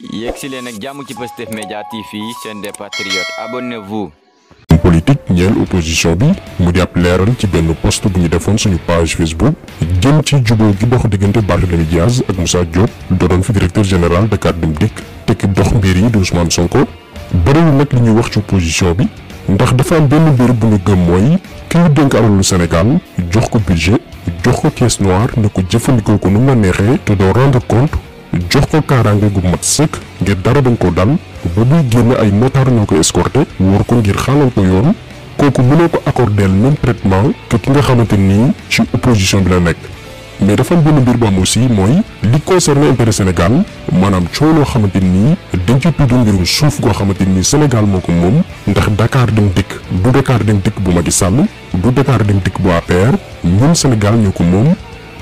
yéeg si leen ak jàmm ci Pastef Média TV chaîne des patriotes abonnez-vous politique ñeel opposition bi mu di ab leeral ci benn post bu ñu defoon suñu page Facebook jëm ci jubóo gi dox diggante Barthélémy Diaz ak Moussa Diop doonoon fi directeur général de Dakar-Dem Dikk tekki dox mbir yi di Ousmane Sonko bëriwul nag li ñuy wax ci opposition bi ndax dafa am benn mbir bu ñu gëm mooy ki ñu alalu Sénégal jox ko budget jox ko caisse noire ne ko jëfandikoo ko nu ma neexee te doo rendre compte jox ko kaaraange gu mat sëkk ngir dara bañ ko dal ba buy génn ay motard ñoo ko escorté wóor ko ngir xaalal ko yoon kooku mu mënoo ko accordeel même traitement que ki nga xamante nii ci opposition bi la nekk mais dafa am benn mbir bu am aussi mooy li concerné intérêt Sénégal maanaam coow loo xamante nii dañ ci tudd mbirum suuf goo xamante nii Sénégal moo ko moom ndax Dakar dem dikk du Dakar dem dikk bu Macky Sall du Dakar dem dikk bu APR ñun Sénégal ñoo ko moom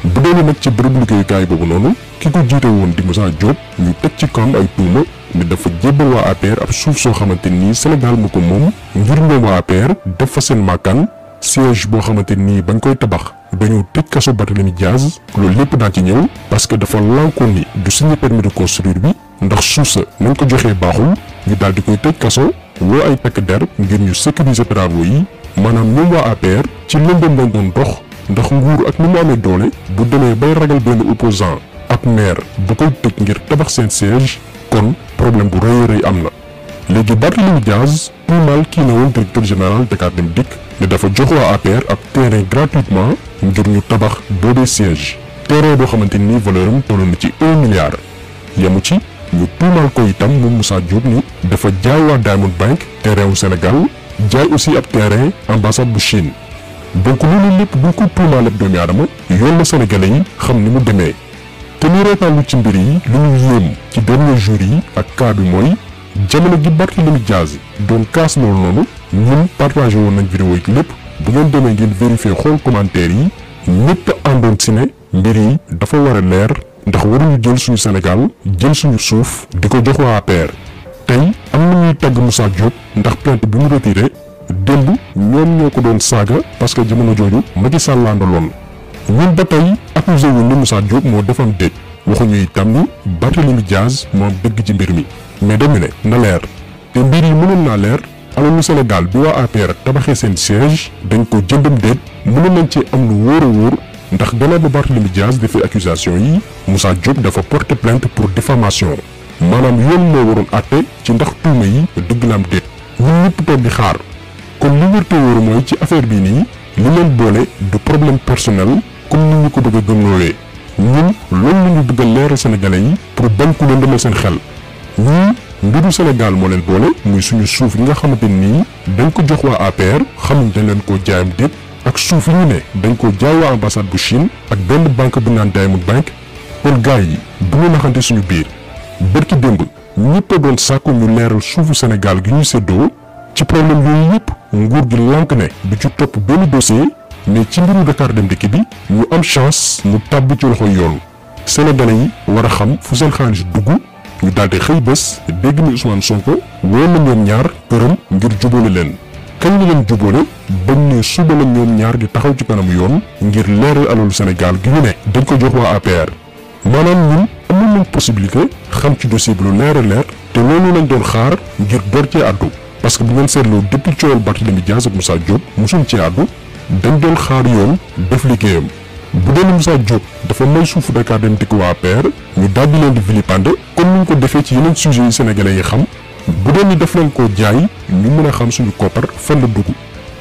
bu dee nag ci bërëb liggéeykaay boobu noonu ki ko jiite woon di Moussa Diop ñu teg ci kam ay tuuma ni dafa jébbal waa APR ab suuf soo xamante nii Sénégal ma ko moom ngir ñoom waa APR def fa seen màkkaan siège boo xamante nii bañ koy tabax dañoo tëj kaso Barthélémy Diaz loolu lépp daan ci ñëw parce que dafa lankoon ni du signé permis de construire bi ndax suuf sa nañ ko joxee baaxul ñu daal di koy tëj kaso woo ay takk der ngir ñu sécuriser travaux yi maanaam ñoom waa APR ci lëndëm lañ doon dox ndax nguur ak ni mu amee doole bu demee bay ragal benn opposant ab maire bu koy tëj ngir tabax seen siège kon problème bu rëy rëy am na léegi Barthélémy Diaz tuumaal kii na woon directeur général Dem Dikk ne dafa jox waa APR ab terrain gratuitement ngir ñu tabax boobee siège terrain boo xamante ni valeur am toll na ci un milliard yemu ci ñu tuumaal ko itam moom Moussa Diop ni dafa jaay waa Diamond Bank terrain wu Sénégal jaay aussi ab terrain ambassade bu Chine donc loolu lépp buñ ko tuumaalee doomi aadama yoon la sénégalais yi xam ni mu demee te ñu reetaanlu ci mbir yi lu ñu yéem ci dernier jour yi ak cas bi mooy jamono gi Barthélémy Dias doon kaas loolu noonu ñun partagé woon nañ vidéo yi lépp bu ngeen demee ngeen vérifier xool commentaire yi ñëpp àndoon si ne mbir yi dafa war a leer ndax waruñu jël suñu senegal jël suñu suuf di ko jox waa APR tey am na ñuy tagg Moussa Diop ndax plainte bi mu retiré démb ñoom ñoo ko doon saaga parce que jamono jooju Macky Sall la àndaloon ñun ba tey accusé wu ni Moussa Diop moo defam déet waxuñu itam ni Barthélémy Diaz moo dëgg ci mbir mi mais dem ne na leer te mbir yi mënoon naa leer alalu Sénégal bi waa APR tabaxee seen siège dañ ko jëndam déet mënoon nañ ci am lu wóor a wóor ndax gannaaw ba Barthélémy Diaz defee accusation yi Moussa Diop dafa porter plainte pour diffamation maanaam yoon moo waroon àtte ci ndax tuuma yi dëgg am déet ñun ñëpp kon li wër te mooy ci affaire bii nii li leen boole du problème personnel comme ni ñu ko bëgg a gëmloolee ñun loolu la ñu bëgg leeral sénégalais yi pour bañ ku leen demal seen xel ñii mbiru Sénégal moo leen boole muy suñu suuf yi nga xamante nii dañ ko jox waa APR xamuñ dañ leen koo jaayam déet ak suuf yi ñu ne dañ koo jaay waa ambassade bu Chine ak benn banque bu naan Diamond Bank kon gars yi bu ñu naxante suñu biir bërki démb ñëpp a doon sàkku ñu leeral suufu Sénégal gi ñu séddoo ci problème yooyu yëpp nguur gi lànk ne du ci topp benn dossier ne ci mbiru Dakar Dem Dikk bi ñu am chance mu tàbb ci loxoy yoon sénégalais yi war a xam fu seen xaalis dugg ñu daal di xëy bés dégg ni Ousmane Sonko woo na ñoom ñaar këram ngir jubóole leen kañ la leen jubóole bañ ne suba la ñoom ñaar di taxaw ci kanam yoon ngir leeral alalu Sénégal gi ñu ne dañ ko jox waa APR maanaam ñun amoon nañ possibilité xam ci dossier bi lu leer a leer te loolu lañ doon xaar ngir door cee àddu parce que bu ngeen seetloo depuis coowal Barthélémy Dias ak Moussa Diop mosuñ ci àddu dañ doon xaar yoon def liggéeyam bu dee Moussa Diop dafa may suufu Dakar Dem Dikk waa APR ñu daal di leen di vilipande comme ni ñu ko defee ci yeneen sujets yi sénégalais yi xam bu dee ni def leen koo jaay ñu mën a xam suñu koppar fan la dugg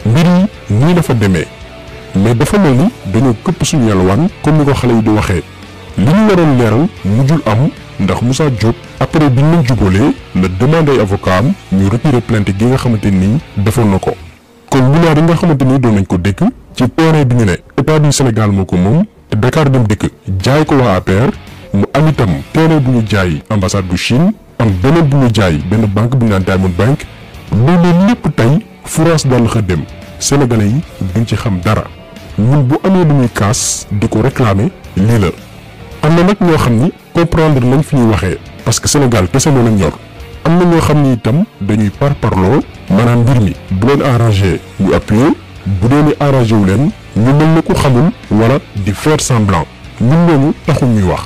mbir yi nii dafa demee mais dafa mel ni dañoo këpp suñu yalwaan comme ni ko xale yi di waxee li ñu waroon leeral mujjul am. ndax Moussa Diop après bi ñu jubalee la demande ay avocat am ñu retirer plainte gi nga xamante nii defoon na ko kon lunaar yi nga xamante ni doon nañ ko dëkk ci terrain bi ñu ne état du Sénégal moo ko moom te Dakar dem dëkk jaay ko waa APR mu am itam terrain bu ñu jaay ambassade bu Chine am beneen bu ñu jaay benn banque bi ñu naan Diamond Bank loolu lépp tey France daal la dem sénégalais yi duñ ci xam dara ñun bu amee lu ñuy kaas di ko réclamer lii la. am na nag ñoo xam ni comprendre nañ fi ñu waxee parce que Sénégal kese moo leen ñor am na ñoo xam ni itam dañuy par parloo maanaam mbir mi bu leen arrangé ñu appuyer bu dee ni arrangé wu leen ñu mel na ku xamul wala di faire semblant ñun ñooñu taxul ñuy wax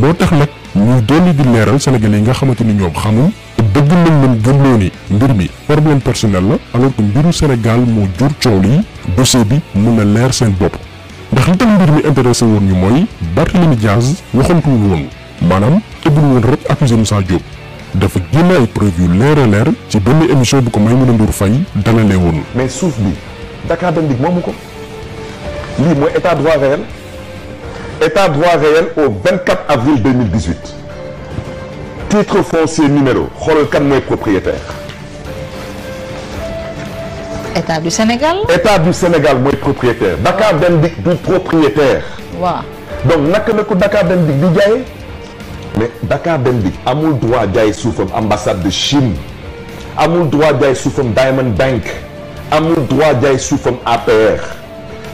moo tax nag ñu dolli di leeral Sénégalais yi nga xamante ni ñoom xamul te bëgg nañ leen gëmloo ni mbir mi problème personnel la alors que mbiru Sénégal moo jur coow lii dossier bi mun na leer seen bopp. ndax li tax mbir mi intéressé woon ñu mooy Barthélemy Diaz waxantu woon maanaam tëbbul woon rek accusé Moussa Diop dafa génne ay preuve yu leer a ci benn émission bu ko Maïmouna Ndour Faye dalalee woon. mais suuf bi Dakar Dem Dikk moomu ko lii mooy état droit réel état droit réel au 24 avril titre foncier numéro xoolal kan mooy propriétaire. état du Sénégal. état du Sénégal mooy propriétaire Dakar Dem Dikk du propriétaire. waaw donc naka la ko Dakar Dem Dikk di jaayee. Dakar Dem Dikk amul droit jaay suufam ambassade de Chine amul droit jaay suufam Diamond Bank amul droit jaay suufam APR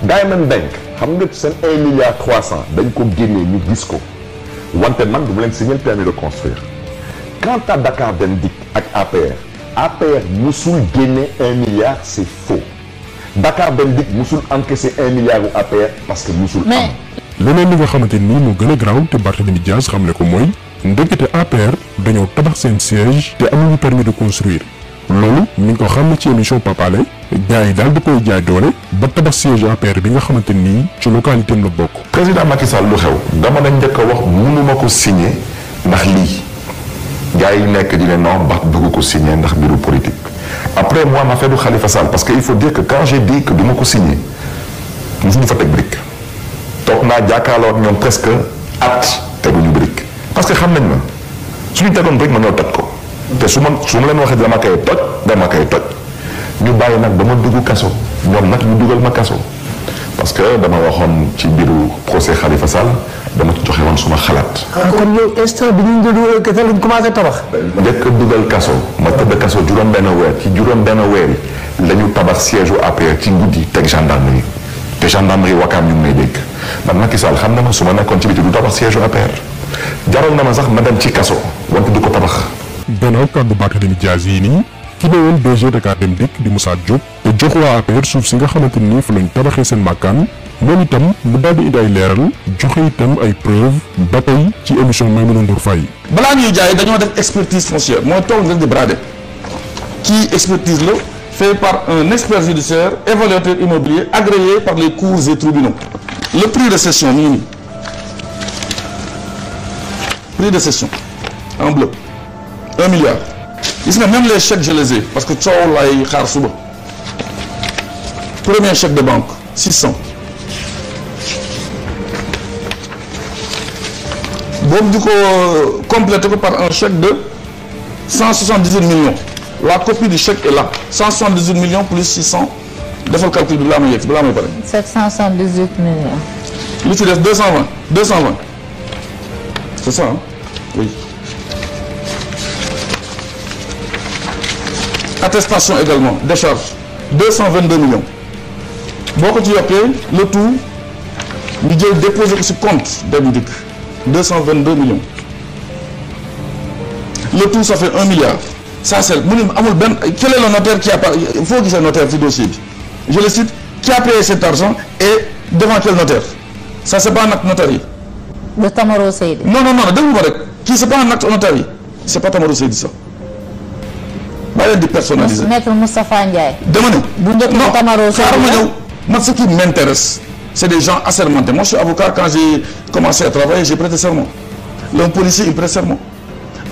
Diamond Bank xam nga seen un milliard trois cent dañ ko génnee ñu gis ko wante man Dakar Dem ak APR. APR musul génne un milliard c'est faux Dakar Dem Dikk musul encaissé un milliard u APR parce que musul am leneen li nga xamante nii moo gën a garaaw te Barthélémy xam xamle ko mooy ndekete APR dañoo tabax seen siège te amuñu permis de construire loolu mi ngi ko xam ne ci émission papale gars yi daal di koy jaay doole ba tabax siège APR bi nga xamante nii ci localité am la bokk président Macky lu xew dama na njëkk a wax mënuma ko signé ndax lii gars yi nekk di ne non Barth bëgg ko signé ndax mbiru politique. après moi ma affaire Khalifa Sall parce que il faut dire que quand j'ai dit que du ma ko signé mosuñu fa teg brique toog naa jàkkaarloo ak ñoom presque at teguñu brique parce que xam nañ ma suñu tegoon brique ma ñëw toj ko. te su ma su ma leen waxee dama koy toj dama koy toj ñu bàyyi nag dama ma dugg kaso ñoom nag ñu dugal ma kaso parce que dama waxoon ci mbiru procès Khalifa Sall. dama ci joxe woon suma xalaat. Ah, kon yow instant bi ñu ngi doon kese lañ commencé tabax. njëkk dugal kaso ma tëdd kaso juróom-benn weer ci juróom-benn weer la ñu tabax siège u APR ci guddi teg gendarmerie te gendarmerie wakaam ñu ngi may dégg man Macky Sall xam na ma su ma nekkoon ci bi du tabax siège u APR jaral na ma sax ma dem ci kaso wante du ko tabax. gannaaw kàddu Barthélémy Dias yi nii. ki ne woon Dakar Dem Dikk di Moussa Diop te jox waa APR suuf si nga xamante ni fa lañ tabaxee seen màkkaan moom itam mu daal di indi ay leeral joxe itam ay preuve ba tey ci émission Maimouna Ndour Faye balaa ñuy jaay dañoo def expertise foncière mooy tool rek di brader kii expertise la fait par un expert judiciaire évaluateur immobilier agréé par les cours et tribunaux le prix de cession mi ngi nii prix de cession en bleu un milliard gis nga même les chèques je les parce que coow laay xaar suba premier chèque de banque 600 boobu di ko euh, complété ko par un chèque de 178 millions la copie du chèque est là 178 millions plus 600 defal calcul bi balaa may yegg balaa may pare. 778 millions. lu ci def 220 220 c'est ça hein? attestation également de 222 millions boo ko ci yokkee le tout ñu jël déposé ko ci compte dem dikk 222 millions le tout ça fait 1 milliard ça c'est mu ne amul benn quel est le notaire qui a pas foo gisee notaire ci dossier bi je le cite qui a payé cet argent et devant quel notaire ça c'est pas un acte notarié. de Tamaro Seydi. non non non déglu ma rek kii c'est pas un acte notarié c'est pas Tamaro Seydi ça. maa leen di personnaliser. maître Moustapha Ndiaye. dama ne. bu njëkk bi Tamaro xaaral ma ñëw man ce qui m'intéresse c'est des gens assermentés moi je suis avocat quand j'ai commencé à travailler j'ai prêté serment un policier il prête serment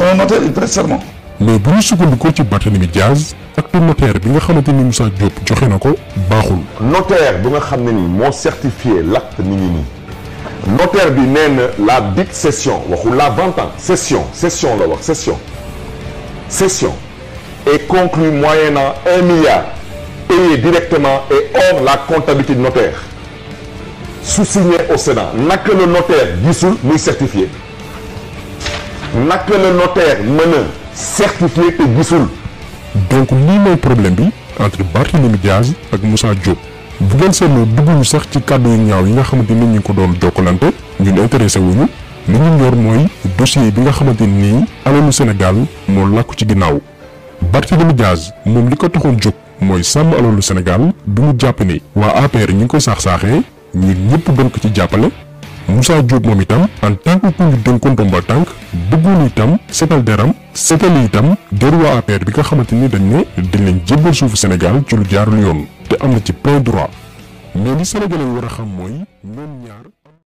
un notaire il prête serment. mais bu ñu sukkandikoo ci Barthélémy Diaz acte notaire bi nga xamante ni Moussa Diop joxe na ko baaxul. notaire bi nga xam ne ni moo certifié l'acte mi ngi nii notaire bi nee na la dite session waxul la vente session session la wax session session. est conclu moyennant un milliard payé directement et hors la comptabilité du notaire sous-signé au Sénat naka la notaire gisul muy certifié naka la notaire mën a certifié te gisul donc lii mooy problème bi entre Barthélémy Diaz ak Moussa Diop bu ngeen seetloo dugguñu sax ci kàddu yu ñaaw yi nga xamante ni ñu ko doon jokkalante ñun intéressé wuñu li ñu ñor mooy dossier bi nga xamante nii alalu Sénégal moo làkku ci ginnaaw Barthélémy Diaz moom li ko taxoon jóg mooy sàmm alalu Sénégal bi mu jàpp ne waa APR ñu ngi ko saax-saaxee ñun ñëpp doon ci jàppale Moussa Diop moom itam en tant que ku ñu dénkoon ndombal tànk bëggoon itam setal deram setal itam deru waa APR bi nga xamante ni dañ ne dañ leen jébbal suufu Sénégal ci lu jaarul yoon te am na ci plein droit mais li Sénégalais yi war a xam mooy ñoom ñaar